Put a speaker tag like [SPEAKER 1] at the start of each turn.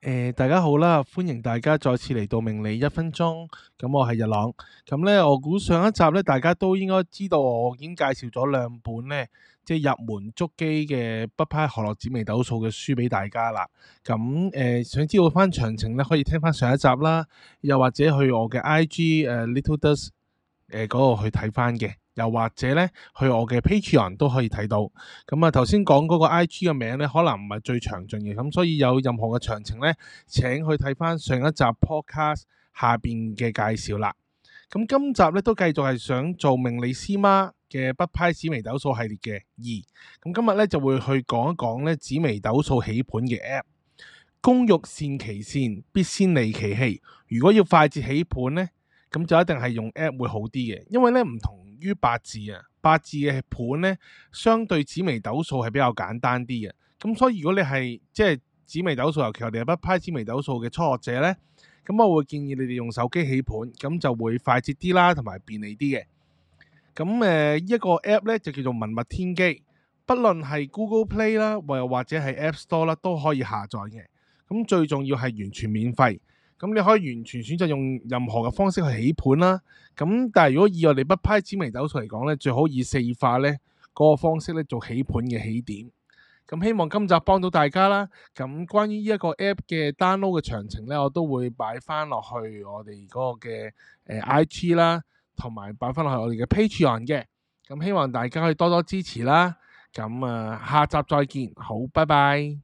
[SPEAKER 1] 誒、呃，大家好啦，歡迎大家再次嚟到命理一分鐘。咁、嗯、我係日朗，咁、嗯、咧我估上一集咧大家都應該知道，我已經介紹咗兩本咧即係入門捉機嘅北派河洛紫微斗數嘅書畀大家啦。咁、嗯、誒、嗯，想知道翻詳情咧，可以聽翻上一集啦，又或者去我嘅 I G 誒、呃、LittleDust。Little 誒，嗰、呃，那個去睇翻嘅，又或者呢，去我嘅 Patreon 都可以睇到。咁、嗯、啊，頭先講嗰個 IG 嘅名呢，可能唔係最詳盡嘅，咁、嗯、所以有任何嘅詳情呢，請去睇翻上一集 Podcast 下邊嘅介紹啦。咁、嗯、今集呢，都繼續係想做命理師嘛嘅北派紫微斗數系列嘅二、嗯。咁今日呢，就會去講一講呢紫微斗數起盤嘅 app。工欲善其事，必先利其器。如果要快捷起盤呢？咁就一定係用 App 會好啲嘅，因為咧唔同於八字啊，八字嘅盤咧相對紫微斗數係比較簡單啲嘅。咁所以如果你係即係紫微斗數，尤其我哋係北派紫微斗數嘅初學者咧，咁我會建議你哋用手機起盤，咁就會快捷啲啦，同埋便利啲嘅。咁誒、呃、一個 App 咧就叫做文墨天機，不論係 Google Play 啦，或或者係 App Store 啦，都可以下載嘅。咁最重要係完全免費。咁你可以完全選擇用任何嘅方式去起盤啦。咁但係如果以我哋北派紫微斗數嚟講咧，最好以四化咧嗰、那個方式咧做起盤嘅起點。咁希望今集幫到大家啦。咁關於呢一個 app 嘅 download 嘅詳情咧，我都會擺翻落去我哋嗰個嘅誒 IG 啦，同埋擺翻落去我哋嘅 Patreon 嘅。咁希望大家可以多多支持啦。咁啊，下集再見。好，拜拜。